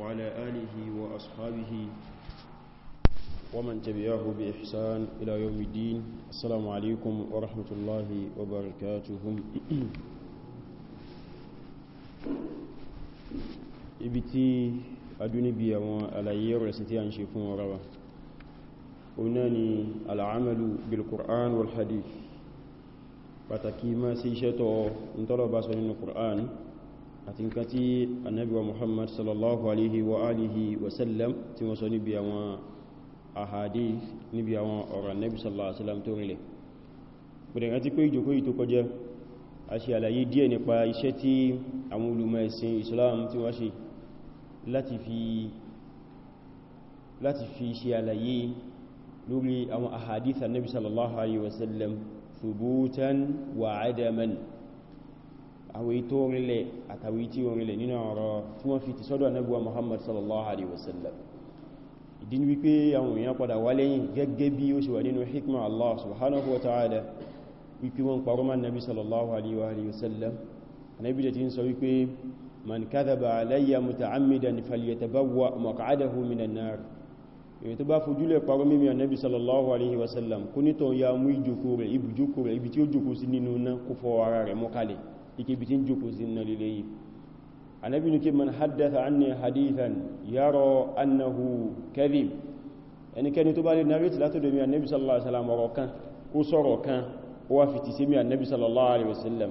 وعلى آله وأصحابه ومن تبعه بإحسان إلى يوم الدين السلام عليكم ورحمة الله وبركاته ibi tí adúnibí àwọn àlàyé rẹ̀ sí tí a ń ṣe fún ọ̀rọ̀ wa ọ̀nà ni al'amalu bil-Qur'an wal-Hadith pàtàkì ma sí iṣẹ́ tọ́ ìtọ́lọ̀ bá sọ nínú Qur'an àti nǹkan tí annabiwa muhammad sallallahu alaihi wa alihi wasallam tí wọ́n sọ níbi àwọn àhàdí níbi àwọn ọ̀rọ̀ annabi sallallahu alaihi wasallam tó rinlẹ̀ bẹ̀rẹ̀ àti pé ìjòkó yìí tó kọjá a ṣe àlàyé díẹ̀ nípa iṣẹ́ tí àwọn olùmọ̀ ẹ̀sìn islam tí wọ́n láti fi ṣe àlàyé lórí àwọn àhàdí annabi sallallahu alaihi wasallam thubutan wa adaman àwọn ètò orílẹ̀ àtàwí tí orílẹ̀ nínú ọ̀rọ̀ tí wọ́n fi ti sọ́dọ̀ anábúwa Muhammad sallallahu alaihi wasallam ìdí ni wípé àwọn èèyàn padà wá lẹ́yìn gẹ́gẹ́ bí ó ṣe èyí tó bá fojúlẹ̀ parọ́ mímí anábi sallallahu alaihi wasallam kó nítọ̀ ya mú ìjókòó rẹ̀ ibùjókòó rẹ̀ ibi tí ó jókòó sí nínú náà kó fọ́ ara rẹ̀ mọ́kálẹ̀ ikibi tí ń jùkú sí na lílé yìí anábi ní kí man haddatha anni hadithan yaro annahu kadhib ẹnikẹni tó bá lè narrate látọ̀dọ̀ mi annabi sallallahu alaihi wasallam ọ̀rọ̀ kan ó sọ̀rọ̀ kan ó wá sallallahu alaihi wasallam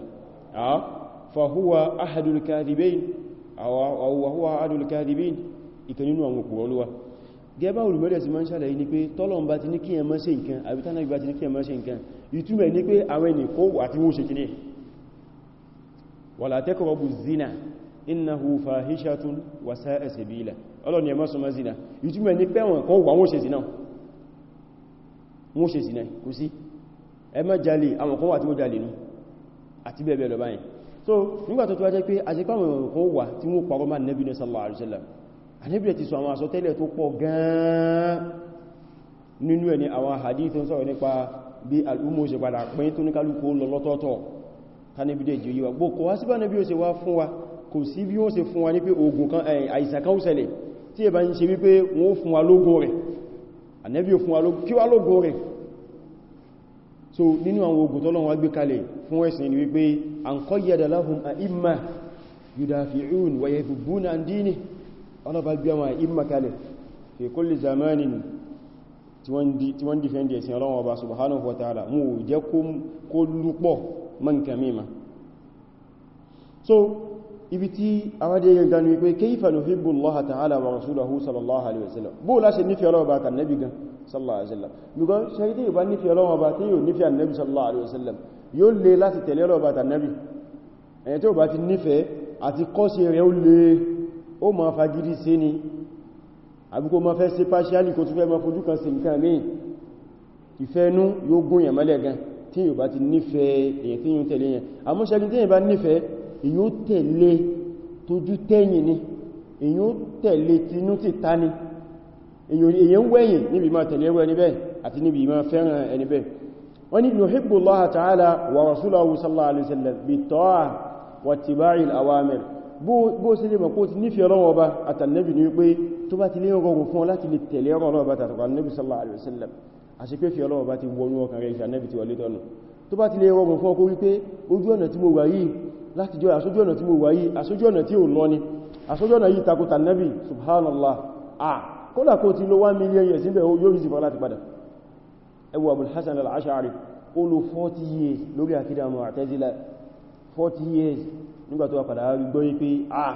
fa huwa ahadul kadhibain wa huwa ahadul kadhibin ìkan nínú àwọn òkú ọlúwa gẹ́bà olùmọ́dẹ̀ sí máa ń ṣàlàyé ní pé tọ́lọ̀n ti ní kí ẹ má ṣe nǹkan àbítánà ìgbà ti ní kí ẹ má ṣe nǹkan ìtumọ̀ ní pé àwọn ènìyàn kó àti wọ́n ṣe kìnnìyàn wala taqrabu zina innahu fahishatun wa sa'a sabila ọlọ́run ni ẹ má súnmọ́ zina ìtumọ̀ ní pé wọn kan wà wọ́n ṣe zina wọ́n zina kò sí ẹ má jalè àwọn kan wà tí wọ́n jalè ní àti bẹ́ẹ̀ bẹ́ẹ̀ lọ báyìí so nígbà tó tó wá jẹ́ pé àṣepá àwọn kan wà sallallahu alaihi wasallam ànẹ́bí ti sọ àwọn àsọtẹ́lẹ̀ tó pọ̀ gan-an nínú ẹni àwọn hadith tó ń sọ̀rọ̀ nípa bí al'ummo ṣe padà pín tó ní kálukú lọ lọ́tọ̀ọ̀tọ̀ tánibí dẹ̀ jẹ́ yíwa gbogbo wá síbá náà bí ó ṣe wá fún wa kò sí bí ó ṣe fún wa ní pé ogun kan eh, àìsàn kan ó ṣẹlẹ̀ tí ẹ bá ń ṣe wípé wọ́n fún wa lógo rẹ̀ ànẹ́bí fún wa kí wá lógo rẹ̀ so ninu àwọn ogun tọ́lọ́run wá gbé kalẹ̀ fún ẹ̀sìn ni wípé an qayyada lahum a'imma yudafi'un wa yahibbuna an dini ọ̀nà bá gbé àwọn a'imma kalẹ̀ fi kulli zamanin tí wọ́n dìfẹ́ndì ẹ̀sìn ọlọ́run ọba subhanahu wa ta'ala mú jẹ́ kó lúpọ̀ mọ́ nǹkan so ibi tí awádé yẹ ganu wípé kayfa nuhibbu Allaha ta'ala wa rasulahu sallallahu alaihi wasallam bó láṣe nífẹ̀ẹ́ ọlọ́wọ́ bá kan nabi gan sallallahu alaihi wasallam lùgbọ́ ṣẹ́gídé ìbá nífẹ̀ẹ́ ọlọ́wọ́ bá tí yóò nífẹ̀ẹ́ nabi sallallahu alaihi wasallam yóò lè láti tẹ̀lé ọlọ́wọ́ bá tàn nabi ẹ̀yẹ tí ó bá ti nífẹ̀ẹ́ àti kọ́sí rẹ̀ ó lè ó ma fagidi sí ni àbíkó ma fẹ́ sí pàṣíálì kò tún fẹ́ ma fojú kan sí nǹkan mí ìfẹ́nú yóò gún yẹ̀mọ́lẹ̀ gan tí yóò bá ti nífẹ̀ẹ́ èyàn tí yóò tẹ̀lé yẹn àmọ́ ṣẹ́gun tí yóò bá nífẹ̀ẹ́ èyí ó tẹ̀lé tójú tẹ́yìn ni èyí ó tẹ̀lé tinú ti ta ni èyí ń wẹ̀yìn níbi máa tẹ̀lé ẹwẹ́ ẹnibẹ̀ àti níbi máa fẹ́ràn ẹnibẹ̀ wọ́n ni nuhibbu Allah ta'ala wa rasulahu sallallahu alaihi wasallam bi ta'a wa tiba'i al-awamir bó sí lè mọ̀ kó ọlọ́wọ́ ọba àtàlẹ́bì ní wípé tó bá ti lè rọrùn fún ọ láti lè tẹ̀lé ọlọ́wọ́ ọba tàtàkọ̀ annabi sallallahu alaihi àṣẹ pé fi ọlọ́wọ́ bá ti wọnú ọkàn rẹ̀ ìṣànẹ́bì ti wọlé tọ́nù tó bá ti lè rọrùn fún ọkọ̀ wípé ojú ọ̀nà tí mo wà yìí láti jọ àṣójú ọ̀nà tí mo wà yìí àṣójú ọ̀nà tí ò lọ ni àṣójú ọ̀nà yìí takò tànẹ́bì subhanallah ah kódà kó ti lo million years níbẹ̀ yóò rí sí fọ́lá ti padà ẹwọ Abul Hasan al-Ash'ari ó lo 40 years lórí àkídà Mu'tazila 40 years nígbà tó wà padà gbọ́ yí pé ah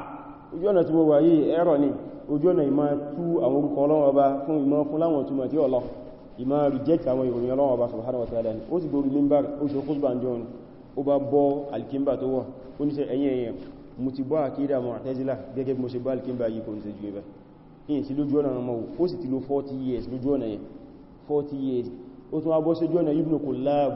ojú ọ̀nà tí mo wà yìí ẹ̀rọ ni ojú ọ̀nà ìmá tú àwọn orúkọ ọlọ́wọ́ bá fún ìmá fún láwọn túnmọ̀ tí ọlọ́wọ́ ìmá reject àwọn ìròyìn ọlọ́wọ́ bá subhanahu wa ta'ala ni ó sì borí mímbàr ó ṣe kúsùbà ń jọun ó bá bọ́ alkimba tó wà ó ní sẹ ẹ̀yìn ẹ̀yìn mo ti bọ́ àkídà Mu'tazila gẹ́gẹ́ mo ṣe bá alkimba yìí kò in sí lójú ọ̀nà ọmọ ó sì years lójú ọ̀nà yẹn years ó tún abọ́ sí ọ̀nà Ibn Kullab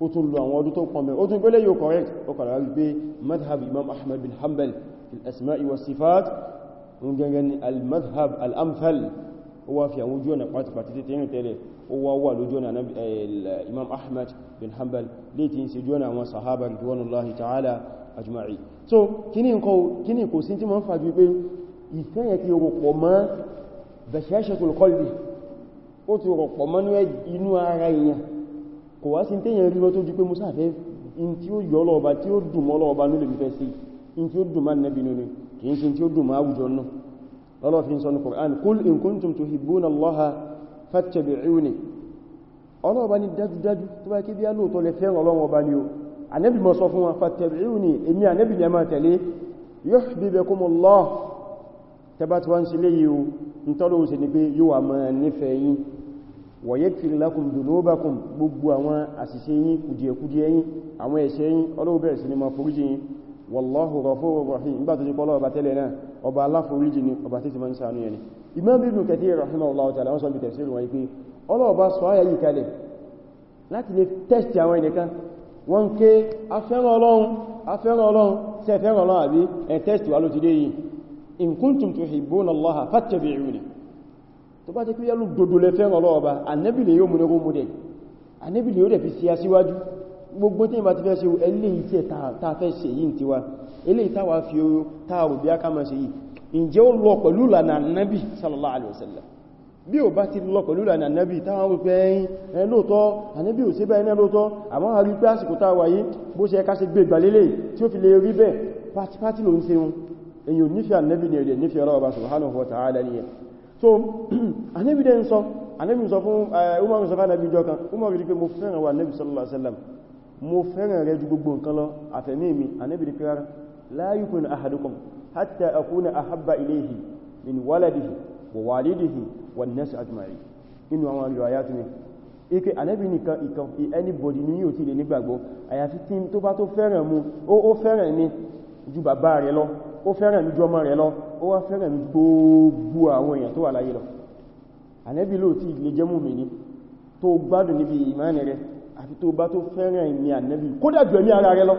ó tún lo àwọn ọdún tó correct ó kàrà rí pé madhab Imam Ahmad bin Hanbal fil asma'i was sifat ń gẹ́gẹ́ ni al-madhab al-amthal ó wá fi àwọn ojú ọ̀nà pàtàkì títí rìn tẹ́lẹ̀ ó wá wà lójú ọ̀nà eh, imam ahmad bin hanbal lè tí ń ṣe jọ́nà àwọn sahaba ridwanullahi ta'ala ajma'i so kíní kò sí tí ma ń fàájú pé ìfẹ́ yẹ ti rọ̀pọ̀ mọ́ bashashatul qalbi ó ti rọ̀pọ̀ mọ́ inú ara èèyàn kò wá sí tẹ́yàn rí lọ́tọ́ ju pé ọlọ́fin sọ ní Qur'an kul in kuntum tuhibbuna Allaha fattabi'uni ọlọ́ọ̀bá ní dájúdájú tó bá kí bí alóòtọ́ lè fẹ́ràn ọlọ́wọ́ bá ní o anẹ́bì mọ́ sọ fún wọn fattabi'uni èmi anẹ́bì ní a máa tẹ̀lé yuhbibkumullah tẹbá tí wá ń ṣe lé yíò ń tọ́lọ̀ òsè ní pé wallahu ghafurur rahim nígbà tó ti pọ́lọ́ ọba tẹ́lẹ̀ náà ọba aláforíjì ni ọba títí ma ń sàánú yẹni Imam Ibn Kathir rahimahullahu ta'ala wọ́n sọ bí tafsir wọn pé ọlọ́ọ̀bá sọ ayà yìí kalẹ̀ láti lè tẹ́sì àwọn ẹnìkan wọ́n ké afẹ́ràn ọlọ́run afẹ́ràn ọlọ́run sí ẹ̀fẹ́ràn ọlọ́run àbí ẹ̀ tẹ́sì wà ló ti dé yìí in kuntum tuhibbuna Allaha fattabi'uni tó bá jẹ́ pé yẹ́lú dodo lẹ́fẹ́ràn ọlọ́ọ̀bá anẹ́bìlẹ̀ yóò múnirú mú dẹ̀ anẹ́bìlẹ̀ yóò dẹ̀ fi síyá síwájú gbogbo tí ìbá ti fẹ́ ṣe ẹlé iṣẹ́ ta fẹ́ ṣe yìí ti wá ilé ìtawà fi oró táàrù bí aka máa ṣe yìí ǹjẹ́ ó lọ pẹ̀lú lànà nábì sallallahu alaihi wasallam bí o bá ti lọ pẹ̀lú lànà nábì táwọn rú pé ẹ̀yìn lóòtọ́ ànábì ò sí bẹ́ẹ̀ lóòtọ́ àmọ́ a rí pé àsìkò táwà yìí bó ṣe ká ṣe gbé ìgbàlélẹ̀ tí ó fi so ànábì dẹ́ ń sọ ànábì sọ fún eh, umar sọ fún ànábì jọ kan umar wa ànábì sallallahu alaihi wasallam mo fẹ́ràn rẹ ju gbogbo nǹkan lọ àfẹ̀mí mi ànábì ní pé rárá la yukun ahadukum hatta akuna ahabba ilayhi min waladihi wa walidihi wan nas ajma'in inú àwọn riwayat mi ike ànábì nìkan ìkan anybody ní yóò ti lè nígbàgbọ́ àyàfi tí tó bá tó fẹ́ràn mu ó fẹ́ràn ni ju bàbá rẹ̀ lọ ó fẹ́ràn mi ju rẹ̀ lọ ó wá fẹ́ràn mi gbogbo àwọn èèyàn tó wà láyé lọ ànábì ló ti lè jẹ́ mùmínì tó gbádùn níbi ìmánì rẹ̀ àfi tó bá tó fẹ́ràn ìmì ànẹ́bì kódà jù ẹ̀mí ara rẹ lọ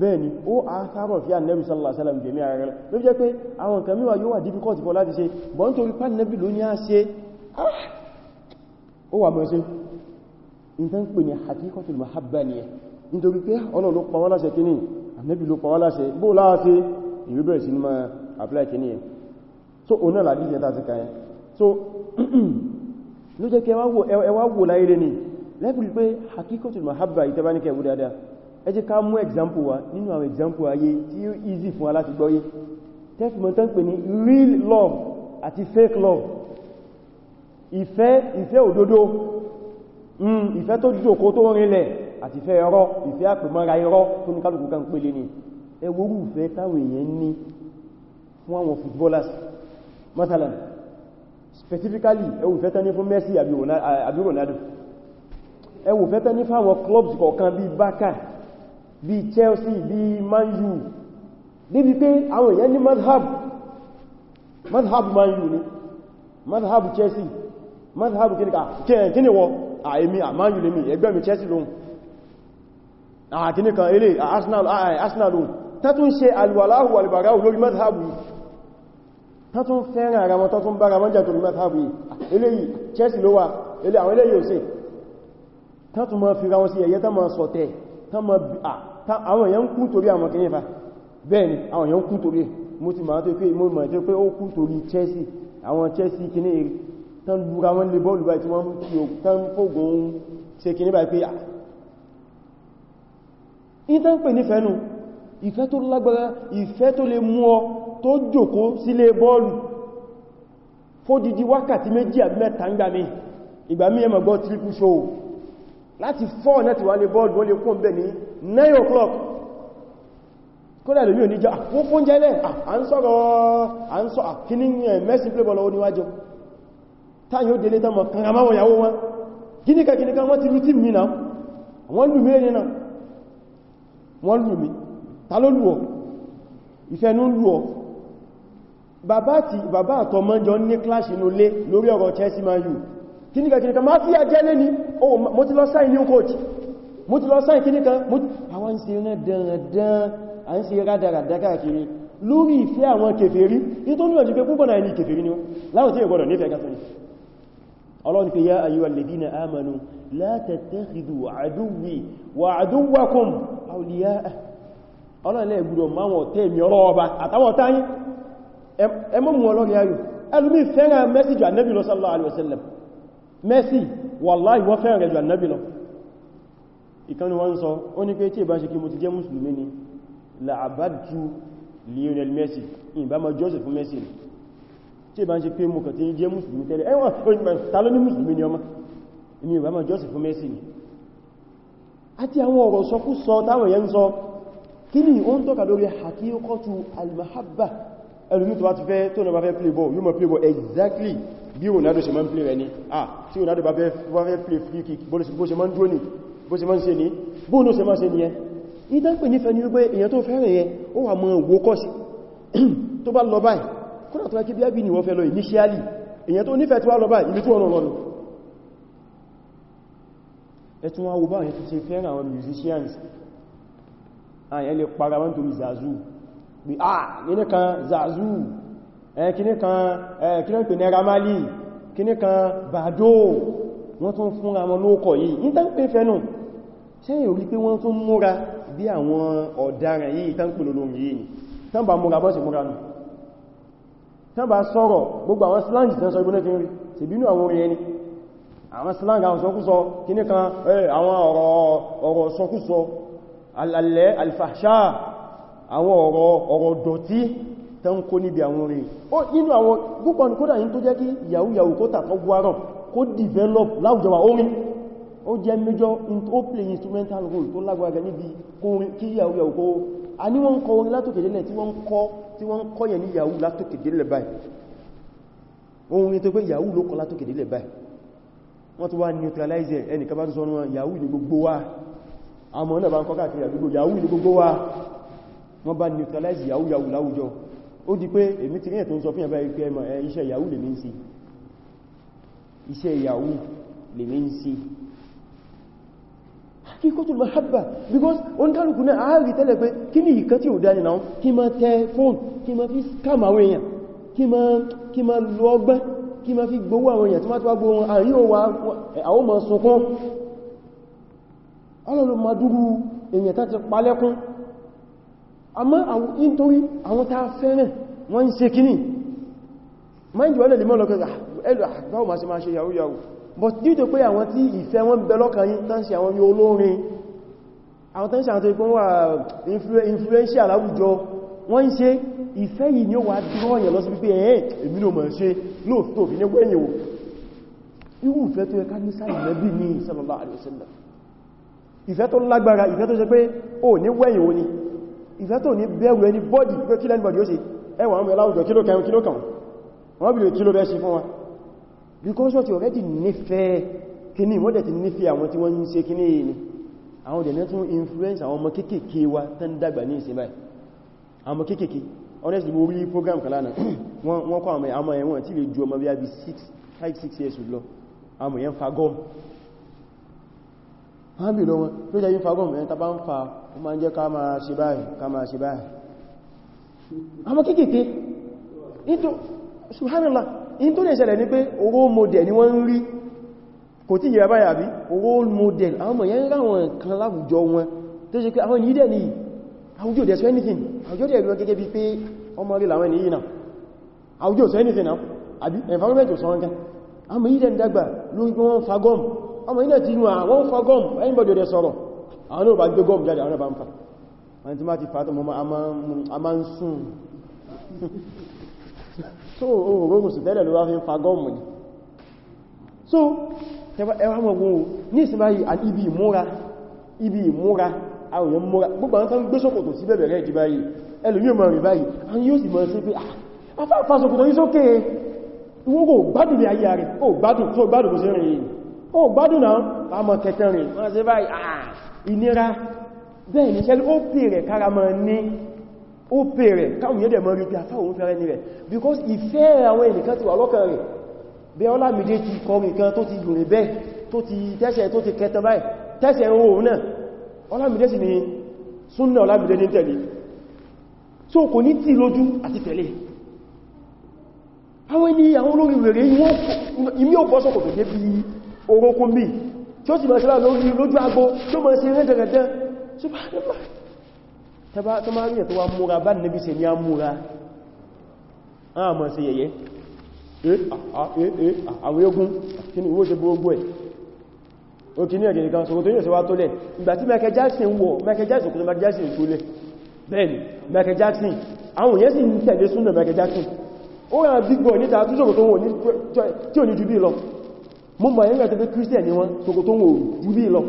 bẹ́ẹ̀ni ó àtàrọ̀ fí ànẹ́bì sallallahu alaihi wasallam jẹ̀mí ara rẹ ló jẹ́ pé àwọn nǹkan míwà yóò wà difficult fọ́ láti ṣe bọ́ ń torí pánẹ́bì ló ní á ṣe ah! ó wà mọ́ sí nǹkan pè ní hakikatul mahabba ni ẹ̀ nítorí pé ọlọ́ ló pa wọ́n láṣẹ kíní ànẹ́bì ló pa wọ́n láṣẹ bó láàṣẹ ìwé bẹ̀rẹ̀ sí ni máa apply kíní ẹ̀ so òun ló jẹ́ kí ẹwà wò láyé ní lẹ́bìrì pé hakikotul mahabba ìtẹ́bánikẹ̀ wù dáadáa ẹ jẹ́ ká mú example wa nínú àwọn example ayé tí ó easy fún wa láti gbọ́yé tẹ́fìmọ̀ tán pè ní real love àti fake love ìfẹ́ ìfẹ́ òdodo hmm, ìfẹ́ tó jòkó tó rinlẹ̀ àti ìfẹ́ ẹ̀rọ ìfẹ́ àpèmọ́ra ẹ̀rọ tó ní kálùkù kan pèlè ní ẹwọ́rù ìfẹ́ táwọn èèyàn ní fún àwọn footballers masalan specifically ẹwù fẹ́tẹ́ ní fún Messi àbí Ronaldo ẹwù fẹ́tẹ́ ní fáwọn clubs kọ̀ọ̀kan bí Barca bí Chelsea bí Man U débi pé àwọn èèyàn ní madhab madhab Man U ni madhab Chelsea madhab kíni wọ àìmí Man U lèmi ẹgbẹ́ mi Chelsea lóhun àkíní kan ilé Arsenal lóhun tẹ́tún ṣe alwàláhù alìbàráhù lórí madhab yìí tó tún fẹ́ràn ara wọn tó tún bára wọn jà torí mẹ́tàbí eléyìí chelsea ló wà àwọn eléyìí ò sí tó tún mọ́ fira wọn sí ẹ̀yẹ tó mọ́ sọ̀tẹ̀ àwọn èèyàn ń kú torí àwọn kìnnìfà bẹ́ẹ̀ni àwọn èèyàn ń kú torí mo ti máa tó pé mo mọ̀ tó pé ó kú torí chelsea àwọn chelsea kìnnì tán lura wọn lè bọ́ọ̀lù báyìí tí wọ́n kí o tán fógun ṣe kìnnì báyìí pé ìtàn pè nífẹ̀ẹ́nu ìfẹ́ tó lágbára ìfẹ́ tó lè mú ọ tó jòkó sílé bọ́ọ̀lù fódidi wákàtí méjì àbí mẹ́ta ń gbàmí ìgbàmí ẹmọ̀ gbọ́ triple show láti 4 náà ti wà lè bọ́ọ̀lù wọ́n lè kún bẹ̀ ní 9 o'clock kódà lórí oníjá ah, fún fún jẹ́lẹ̀ ah, à ń sọ̀rọ̀ à ń sọ àkíní mẹ́sìn pé bọ́ọ̀lù oníwájọ́ táyí ó délé tánmọ̀ kan lù mí bàbá ti bàbá àtọmọ jọ ní kíláṣì inú lé lórí ọ̀rọ̀ Chelsea Man U kíníkà kíníkà máa fi àjẹ́ lé ní o mo ti lọ sáì new coach mo ti lọ sáì kíníkà àwọn ìṣe rẹ̀ dẹ̀rẹ̀dẹ̀n à ń ṣe rádaràdá káàkiri lórí ìfẹ́ àwọn kèfèrí nítorí ọjọ́ pé púpọ̀ náà ní kèfèrí ni láwọn tí ìgbọ́dọ̀ nífẹ̀ẹ́ kásán ọlọ́run fi yá ayyuhal ladhina amanu la tattakhidhu aduwwi wa aduwwakum awliya ọlọ́run lẹ́gbùdọ̀ máwọn tẹ́ẹ̀mì ọlọ́ọba àtàwọn táyín ẹmọ́ mú ọlọ́rin ayò ẹlùmí fẹ́ràn Messi jù annabi lọ sallallahu alaihi wasallam Messi wallahi wọ́n fẹ́ràn rẹ̀ jù annabi lọ ìkanu wọ́n sọ ó ní pé tí ìbá ṣe kí mo ti jẹ́ mùsùlùmí ni la'abadtu Lionel Messi ìbá ma Joseph Messi ni tí ìbá ṣe pé mo kàn ti jẹ́ mùsùlùmí tẹ́lẹ̀ ẹwọ́n ta ìbá ma Joseph ẹlùmí tó bá ti fẹ́ tó náà bá fẹ́ play ball yóò mọ̀ play ball exactly bí Ronaldo ṣe máa ń play rẹ̀ ní ah tí Ronaldo bá fẹ́ play free kick bó ṣe máa ń dúró ní bó ṣe máa ń ṣe ní bóòlù ṣe máa ṣe ní ẹ ìdánpẹ̀ nífẹ́ ní wípé èyàn tó fẹ́rẹ̀ yẹ ó wà mọ́ owó kọ́sì tó bá lọ báyìí kúrò tó rákí bí ábí ni wọ́n fẹ́ lọ initially èyàn tó nífẹ́ tó wá lọ báyìí ibi tó ọ̀nà lọ́nà ẹtún wá wo báyìí tó ṣe fẹ́ràn àwọn musicians àyẹ́ ah, lè para wọn torí zazu bí a ah, kíní kan zazu kíní kan kíní pè náírà mali kíní kan bàdó wọ́n tún fún àwọn lóòkọ̀ yìí ní tán pè fẹ́nu ṣe yìí rí pé wọ́n tún múra bí àwọn ọ̀daràn yìí tán pè lóòrùn yìí tán bá múra bọ́sì múra nù tán bá sọ̀rọ̀ gbogbo àwọn slang tán sọ ibùnẹ́ ti rí ṣèbínú àwọn orin ẹni àwọn slang àwọn sọkúsọ kíní kan àwọn ọ̀rọ̀ sọkúsọ alẹ́ alfahsha àwọn ọ̀rọ̀ ọ̀rọ̀ dọ̀tí tó ń kó níbi àwọn orin ó nínú àwọn púpọ̀ ní kódà yìí tó jẹ́ kí yahoo yahoo kó tàkọ́ guarọ̀ kó develop láwùjọ wa orin ó jẹ́ major ó play instrumental role tó lágbára níbi kí yahoo yahoo kó a ní wọ́n kọ orin látòkèdélẹ̀ tí wọ́n kọ tí wọ́n kọ yẹn ní yahoo látòkèdélẹ̀ báyìí orin tó pé yahoo ló kọ látòkèdélẹ̀ báyìí wọ́n tó wá neutralize ẹnìkan bá tó sọ yahoo ní gbogbo wa àmọ́ náà bá ń kọ́ káàkiri àdúgbò yahoo ní gbogbo wa wọ́n bá neutralize yahoo yahoo láwùjọ ó di pé èmi ti rí ẹ̀tọ́ ń sọ fún ẹ̀bá ìpé ẹmọ iṣẹ́ yahoo lè mí sí iṣẹ́ yahoo lè mí sí hakikotul mahabba because on kálùkù náà ààrí tẹ́lẹ̀ pé kí ni ìkan tí ò dá nìna kí ma tẹ fóònù kí ma fi scam àwọn èèyàn kí ma lọ ọgbẹ́ kí ma fi gbowó àwọn èèyàn tí ma tó wá gbowó àrí òwà àwọn ọmọ sunkún ọlọ́lọ́ ma dúró èèyàn tán palẹ́kún àmọ́ àwọn nítorí àwọn tàà fẹ́rẹ̀ wọ́n ń ṣe kíní mind wọ́n lè mọ́ lọ́kẹ́ ah, ẹlù àgbáwò ah, máa ṣe máa ṣe yàwó yàwó but due to pé àwọn tí ìfẹ́ wọn bẹ lọ́kàn yí tán sí àwọn bí olórin àwọn tán sí àwọn tó ikú wà influential láwùjọ wọ́n ń ṣe ìfẹ́ yìí ni ó wà dúrọ́yàn lọ sí pípé ẹ̀ẹ́ èmi ló mọ̀ ṣe lóòtó fi ní gbẹ̀yìn wò irú ìfẹ́ tó yẹ ká ní sáì lẹ́bí ní sallallahu alaihi wasallam ìfẹ́ tó lágbára ìfẹ́ tó ṣe pé ó ní wẹ̀yìn wò ni ìfẹ́ tó ní bẹ̀rù ẹni bọ́dì pé kí lẹ́nbọ̀dì ó sì ẹwà ọmọ ẹláwùjọ kí ló kẹrún kí ló kàn wọ́n bí lè kí ló bẹ́ sí fún wa because wọ́n ti already nífẹ̀ẹ́ kíní wọ́n dẹ̀ ti nífẹ̀ẹ́ àwọn tí wọ́n ń ṣe kíní ni influence àwọn ọmọ kéèkéé wa tán dàgbà ní ìsìn báyìí àwọn ọmọ kéèkéé honestly program kan lánàá wọ́n kọ́ àwọn ọmọ ẹ̀wọ̀n tí lè ju ọmọ bí i 5 6 years lọ àwọn èèyàn fa gọ́ọ̀mù wọ́n bí lọ wọn ló jẹ́ yí fa gọ́ọ̀mù ẹ̀ tàbá ń ó máa ń jẹ́ ká máa ṣe báyìí ká máa ṣe báyìí àmọ́ kéèkéé nítò subhanallah in tó lè ṣẹlẹ̀ ní pé owó model ni wọ́n ń rí kò tí yẹ báyà bí owó model àwọn ọmọ yẹn ráwọn kan láwùjọ wọn tó ṣe ni àwùjọ dẹ̀ sọ anything àwùjọ dẹ̀ lọ gẹ́gẹ́ bí pé ọmọ rí làwọn ènìyàn náà àwùjọ sọ anything náà àbí environment sọ wọn kan àwọn ìyídẹ̀ ń dàgbà lórí pé wọ́n fagọ́m ọmọ ìyídẹ̀ ti nù àwọn fagọ́m anybody àwọn náà bá gbé gọ́ọ̀mù jáde àwọn náà bá ń fà àwọn tí má ti fàátọ̀ mọ́ a máa ń sùn so ohun gbogbo sì tẹ́lẹ̀ ló wá fi ń fa gọ́ọ̀mù ni so ẹwà mọ̀gbọ̀n ní ìsinmi ibi ìmúra ibi ìmúra àwọn èèyàn múra gbogbo àwọn tó ń gbé ṣòkòtò sí bẹ̀bẹ̀ rẹ̀ ìdíbáyì ẹlòmí ọmọ rẹ̀ báyìí àwọn yóò sì mọ̀ sí pé afáfà ah, ṣòkòtò yí sókè wọ́n kò gbádùn ní ayé rẹ̀ ó gbádùn tó gbádùn kò sí rìn kẹtẹrin wọ́n sí báyìí ah, ìnira bẹ́ẹ̀ ní ṣẹ́lú ó pèrè kára mọ́ ní ó pèrè káwọn yẹ́dẹ̀ mọ́ rí pé àfáwọn fẹ́rẹ́ ní rẹ̀ because ìfẹ́ àwọn ènìyàn ti wà lọ́kàn rẹ̀ bí Ọlámidé ti kọrin kan tó ti gùnrin bẹ́ẹ̀ tó ti tẹ́sẹ̀ tó ti kẹta báyìí tẹ́sẹ̀ ohun náà Ọlámidé sì ni súnnà Ọlámidé ní tẹ̀lé so kò ní tí lójú àti tẹ̀lé àwọn ènìyàn olórin rẹ̀ ìmí ò bọ́sọ̀kọ̀ tó dé bí orókún bíi tí ó sì máa ṣe láà lórí lójú agbó tí ó máa ṣe rẹ̀ dẹ̀rẹ̀dẹ̀ tó máa rí ẹ̀ tó wá múra bá níbi se ní á múra a máa ṣe yẹ̀yẹ́ àwọn ogun kí ni ìwó ṣe gbogbo ẹ̀ o kì ní ẹ̀gẹ̀rẹ̀ kan sọ̀rọ̀ tó yẹ̀ sọ́wá tó lẹ̀ ìgbà tí Michael Jackson wọ̀ Michael Jackson kò ní Michael Jackson tó lẹ̀ bẹ́ẹ̀ni Michael Jackson àwọn èèyàn sì ń ó rà big boy níta tó sọ̀rọ̀ tó wọ̀ tí ò ní ju bí lọ mo mọ̀ ẹ̀rẹ́ tó fẹ́ christian ni wọ́n tókò tó wọ́n jù bí lọ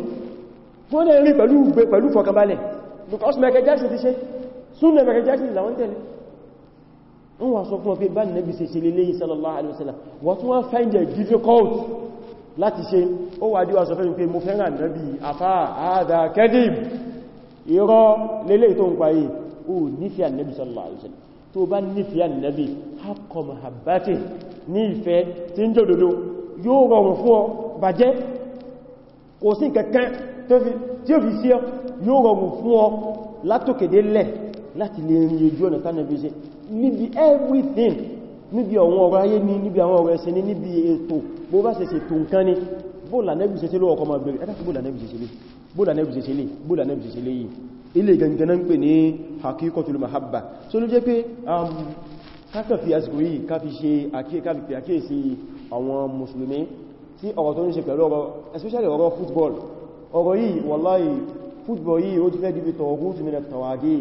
wọ́n lè rí pẹ̀lú ìgbé pẹ̀lú fọkànbalẹ̀ because Michael Jackson ti ṣe súnlẹ̀ Michael Jackson làwọn tẹ̀lé wọ́n wá sọ fún ọpẹ́ bá nẹ́bí ṣe ṣe lélẹ́yìn sallallahu alaihi wasallam wọ́n tún wọ́n find it difficult láti ṣe ó wà díwà sọ fẹ́mi pé mo fẹ́ràn nẹ́bí afá àádá kẹ́dìm irọ́ lélẹ́ tó ń parí sallallahu alaihi wasallam tó bá nífẹ́ nẹ́bí hakọ̀ mahabbati ní ìfẹ́ tí ń jòdòdó yóò rọrùn fún ọ bàjẹ́ kò sí kẹ̀kẹ́ tí ó fi sí ọ yóò rọrùn fún ọ látòkèdè lẹ̀ láti lè rí ojú ọ̀nà tánàbí níbi everything níbi àwọn ọ̀rọ̀ ayé ní níbi àwọn ọ̀rọ̀ ẹ̀sìn ní níbi ètò bó bá ṣe ṣètò nǹkan ni bóòlà nẹ́bì ṣe ṣe ló ọkọ̀ máa bẹ̀rẹ̀ ẹ́dàkì bóòlà nẹ́bì ṣe ṣe lé bóòlà nẹ́bì ṣe ṣe lé bóòlà nẹ́bì ṣe ṣe lé yìí ilé gangan ń pè ní hakikotul mahabba so ló jẹ́ pé um, kákàfí àsìkò yìí káfi ṣe àwọn mùsùlùmí tí ọ̀rọ̀ tó ń ṣe pẹ̀lú ọ̀rọ̀ especially ọ̀rọ̀ football ọ̀rọ̀ yìí wallahi football yìí ó ti fẹ́ dìbì tọ̀wọ̀ gúúsù mìíràn tàwàdé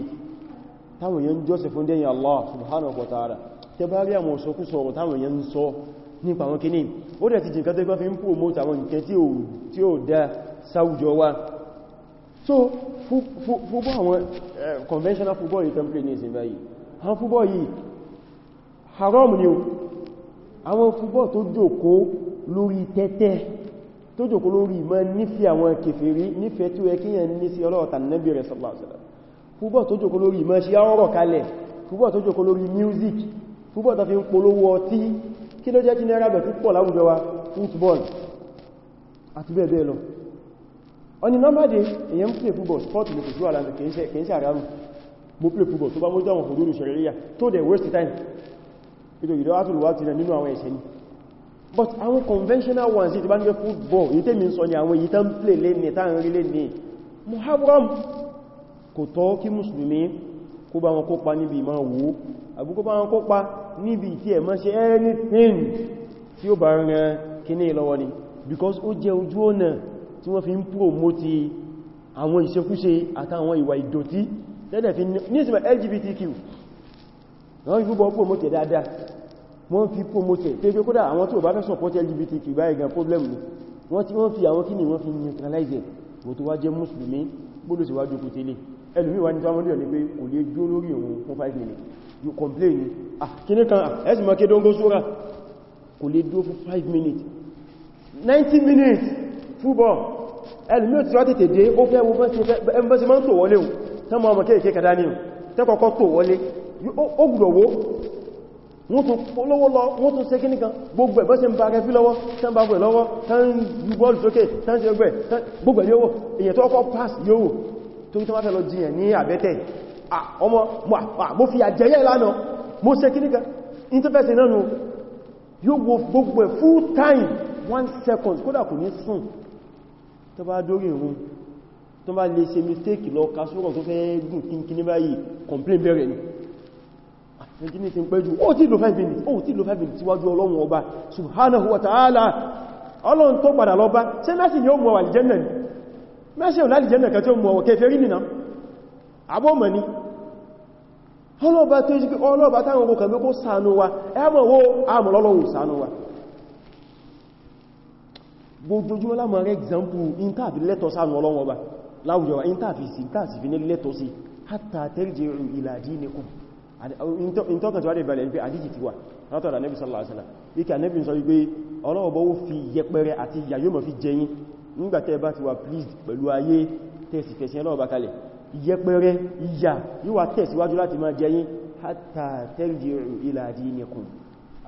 táwọn èèyàn Allah subhanahu wa ta'ala tẹ bá rí àwọn òṣòkú sọ̀rọ̀ táwọn èèyàn ń sọ nípa àwọn kìíní ó dẹ̀ ti jìnkà tó gbá fi ń promote àwọn nǹkan tí ó dá sáwùjọ wa so fúbọ́ àwọn eh, conventional football yìí template ní ìsìn báyìí àwọn football yìí haram ni àwọn fúbọ̀ tó jòkó lórí tẹ́tẹ́ tó jòkó lórí ìmọ̀ nífẹ́ àwọn kèfèrí nífẹ́ tí ó yẹ kíyàn ní sí ọlọ́ọ̀tà nẹ́bí rẹ̀ sallallahu alaihi wasallam fúbọ̀ tó music fúbọ̀ tó fi ń polówó ọtí kí ló jẹ́ wa football àti bẹ́ẹ̀ bẹ́ẹ̀ lọ ọni nọ́màdé football sport mo kò sí wà láàrín kìí ṣe football tó bá mọ́jú àwọn òdúrù ṣẹ̀rẹ̀ríyà tó waste time but àwọn conventional ones ti bá ń gbé football èyí tẹ́mi ń sọ ni àwọn èyí tán play lé ní tán rí lé ní muhabram kò tọ́ kí mùsùlùmí kó bá wọn kópa níbi ìmọ̀ wò àbí kó bá wọn kópa níbi tí ẹ̀ mọ́ ṣe anything tí ó bá rẹ̀ kíní lọ́wọ́ ni because ó jẹ́ ojú ọ̀nà tí wọ́n fi ń promote àwọn ìṣekúṣe àtàwọn ìwà ìdọ̀tí tẹ́lẹ̀ fi ní ìsìnkú LGBTQ wọ́n fi bọ́ promote dáadáa wọ́n fi promote tó pé kódà àwọn tí ò bá fẹ́ support LGBTQ báyìí gan problem ni wọ́n tí wọ́n fi àwọn kíni wọ́n fi neutralize wọ́n tó wá jẹ́ mùsùlùmí gbọ́dọ̀ sí wájú kò tẹ́lẹ̀ ẹlùmí wá ní tọ́mọdé ní pé kò lè dúró lórí òun fún 5 minutes you complain ni ah kíní kan ẹ̀sì mọ́ kédó ngó sóra kò lè dúró fún 5 minutes 90 minutes football ẹlùmí ò ti wá tètè dé ó fẹ́ ẹmbọ́sí máa ń tò wọlé wọ́n tún polówó lọ wọ́n tún ṣe kí nìkan gbogbo ẹ̀bọ́ sí ń bá rẹ̀fí lọ́wọ́ tán bá gbẹ̀ lọ́wọ́ tán ju bọ́ọ̀lù sókè tán ṣe gbẹ̀ gbogbo yóò èyẹ tó ọkọ̀ pass yóò tó tó máa fẹ́ lọ jiyàn ní àbẹ́tẹ̀ ọmọ mo fi àjẹyẹ lánàá mo ṣe kí nìkan in tó fẹ́sẹ̀ náà yóò wo gbogbo ẹ̀ full time one second kódà kò ní sùn tó bá dórí ìrun tó bá lè ṣe mistake lọ kásùrọ̀ tó fẹ́ gùn kíní báyìí complain bẹ̀rẹ̀ ni ìgíní ti ń pẹ́jù ó tí lò 5 minutes ó tí lò 5 minutes síwájú ọlọ́run ọba subhanahu wa ta'ala ọlọ́run tó padà lọ́ba ṣe mẹ́sì ni ó mọ̀ ni mẹ́sì ọ̀lá àlìjẹ́nà kan tí ó mọ̀ ọ̀kẹ́ fẹ́rí wa ẹmọ̀ wo wa gbogbo lámọ̀ rẹ̀ example intafi lẹ́tọ̀ sànú ọlọ́run ọba láwùjọ wa intafi sí intafi fi ní lẹ́tọ̀ sí hátà tẹ́rìjẹ̀ ìtọ́kàn uh, tí wá lè balẹ̀ wípé àdíjì ti wà látọ̀dà nẹ́bí sallallahu alaihi wasallam ikẹ̀ nẹ́bí sọ wípé ọlọ́ọ̀bọ̀ ó fi yẹpẹrẹ àti ìyà yóò mọ̀ fi jẹyìn nígbàtẹ́ bá ti wà pleased pẹ̀lú ayé tẹ́sì fẹ̀sìn ọlọ́ọ̀bá kalẹ̀ yẹpẹrẹ ìyà yóò wá tẹ̀síwájú láti máa jẹyìn hatta tarji'u ila dinikum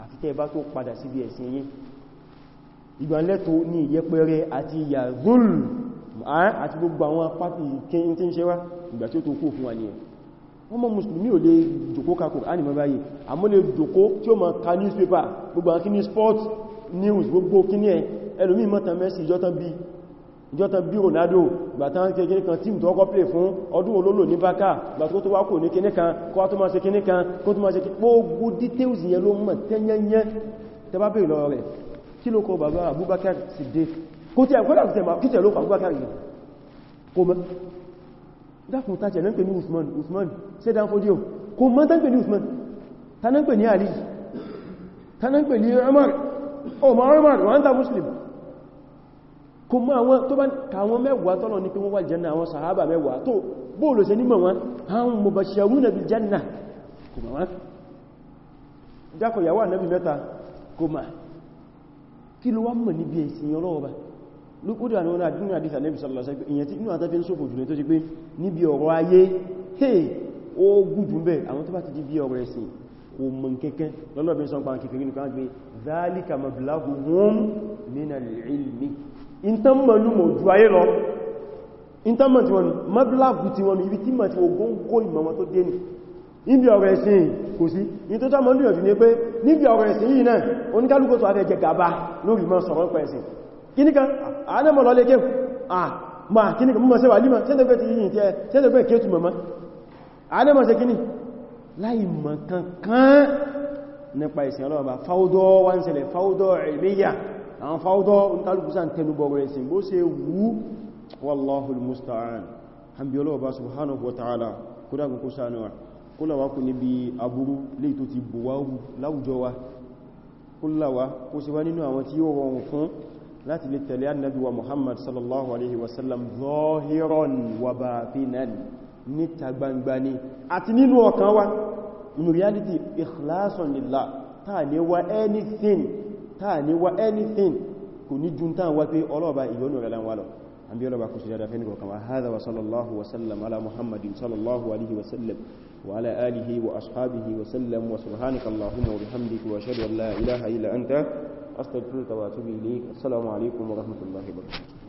àfi tẹ́ bá tó padà zul eh, àti gbogbo àwọn pàtì kí n tí ń ṣe ìgbà tí ó tó kú fún wa nìyẹn wọ́n mọ́ musulmi ò lè jòkó ka Kùránì mọ́ báyìí àmọ́ lè jòkó tí ó máa ka newspaper gbogbo àwọn kíní sports news gbogbo kíní ẹ ẹlòmí mọ́ta Messi ìjọtan bí ìjọtan bí Ronaldo gbàtán kékeré kan tíìmù tó kọ́ play fún ọdún olóòlò ní Barca gbàtó tó wá kò ní kíní kan kọ́ tó máa ṣe kíní kan kó tó máa ṣe kíní gbogbo details yẹn ló mọ̀ tẹ́yẹnyẹ tẹbá bèèrè lọ rẹ̀ kí ló kọ bàbá Abubakar dákùn tàbí ẹ̀nà ń pè ní Usman Usman ṣe dá fódíò kò mọ́ tán pè ní Usman tán ń pè ní Ali tán ń pè ní Umar ọmọ Umar wọ́n tà Muslim kò mọ́ àwọn tó bá kàwọn mẹ́wàá tọ́lọ ní pé wọ́n wà jẹ́nà àwọn sàhábà mẹ́wàá tó bóòlò ṣe nímọ̀ wọn àwọn bil janna kò mọ̀ wọn dákọ̀ yàwó ànábì mẹ́ta kò mọ̀ kí ló wá mọ̀ níbi ẹ̀sìn ọlọ́ọ̀bá lúkúdà ní àdínú àdísà Ànábì sallallahu alaihi wasallam ìyẹn tí inú àtàfí ń sófò jùlọ tó ti pé níbi ọ̀rọ̀ ayé hey ó gùjù bẹ́ àwọn tó bá ti di bí ọ̀rọ̀ ẹ̀sìn kò mọ̀ kẹ́kẹ́ lọ́lọ́bí sọ pa kìfèrí nìkan gbé zálíkà mablaghum minal ilmi ìntàmọ̀lúmọ̀ ju ayé lọ ìntàmọ̀ tí wọ́n mablagu tí wọ́n ibi tí ma ti ogóngó ìmọ̀mọ̀ tó dé ní níbi kíníkan àánẹ́mọ̀ lọ lékẹ́ àmà kíníkan mọ́ sẹ́wà límọ̀ sẹ́tẹ̀gbẹ́ ti yìí tẹ́ sẹ́tẹ̀gbẹ́ kí ó tù mọ̀mọ́ àánẹ́mọ̀ sẹ kíní láì mọ̀ kankan nípa ìsìn ọlọ́ọ̀bá fáúdọ́ wá ń ṣẹlẹ̀ fáúdọ́ ìmíyà àwọn sí wá nínú àwọn tí yóò rọrùn fún láti lè tẹ̀lé annabi wa muhammad sallallahu alaihi wasallam zahiran wa batinan níta gbangba ni àti nínú ọkàn wa in reality ikhlasan lillah ta ní wa anything ta ní wa anything kò ní jun tán wá pé ọlọ́ọ̀bá ìyọnù rẹ̀ lan wá lọ an bí ọlọ́ọ̀bá kò sí dáadáa fẹ́ni kọ̀kan wa haza wa sallallahu wasallam ala muhammadin sallallahu alaihi wasallam wa ala alihi wa ashabihi wasallam wa subhanakallahumma wa bihamdika wa ashhadu an la ilaha illa anta استغفر الله واتوب الیه السلام علیکم ورحمه الله وبرکاته